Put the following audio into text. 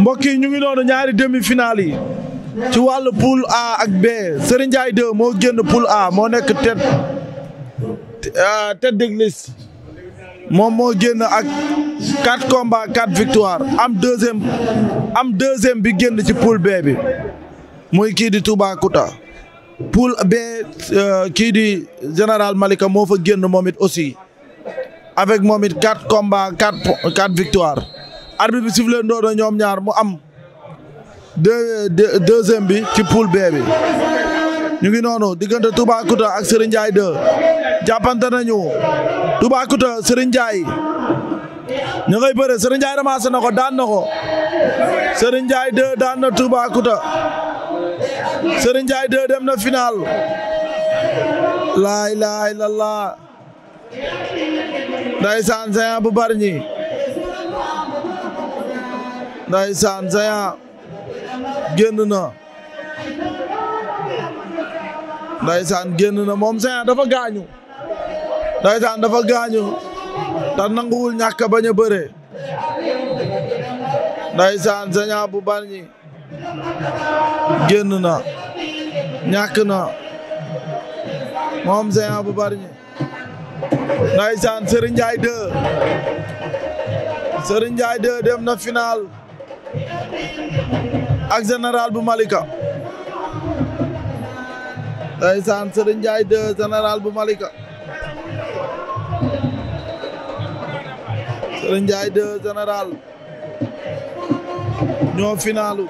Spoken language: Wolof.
mbokk yi ñu ngi noonu ñaari demi-finale ci wàllu poule A ak B Serigne Ndiaye moo génn poule A moo nekk tête euh, tête de liste moom moo génn ak quatre combats quatre am deuxième am deuxième bi génn ci poule B bi muy kii di Toubacouta poule B euh, kii di général Malika moo fa génn moom it aussi avec moom it quatre combats quatre quatre arbitre bi sifflé ndoo ñoom ñaar mu am deux deuxième bi ci poule B bi ñu ngi noonu diggante Toubacouta ak Serigne Ndiaye 2 jàppante nañu Toubacouta Serigne Ndiaye ñu ngay bëre Serigne Ndiaye na ko daan na ko Serigne Ndiaye 2 daan na Toubacouta Serigne Ndiaye 2 dem na final laa ilaaha illallah ndaysaan bu bari ndeysaan Géant génn na ndeysaan génn na moom Géant dafa gaañu ndeysaan dafa gaañu te nanguwul ñàkk bañ a bëre ndeysaan Géant bu Bargny génn na ñàkk na moom Géant bu Bargny ndeysaan Serigne Ndiaye 2 Serigne Ndiaye 2 dem na final ak general bu Malika. ndeysaan Serigne Ndiaye de général bu Malika. Serigne Ndiaye de général ñoo finalu.